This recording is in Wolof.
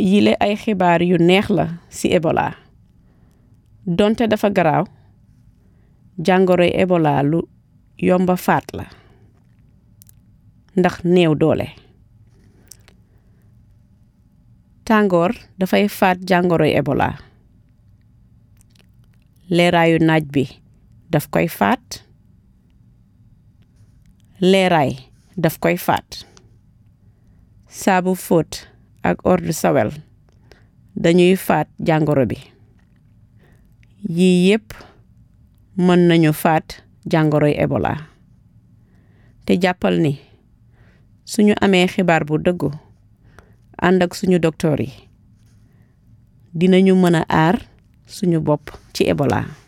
yile ay xibaar yu neex la ci Ebola donte dafa garaaw jàngoroy Ebola lu yomba faat la ndax neew doole tàngoor dafay faat jàngoroy Ebola leeraayu naaj bi daf koy faat leeraay daf koy faat saabu fóot ak ordre sawel dañuy faat jàngoro bi yii yépp mën nañu faat jàngoroy Ebola te jàppal ni suñu amee xibaar bu dëggu ànd ak suñu doktoor yi dinañu mën a aar suñu bopp ci Ebola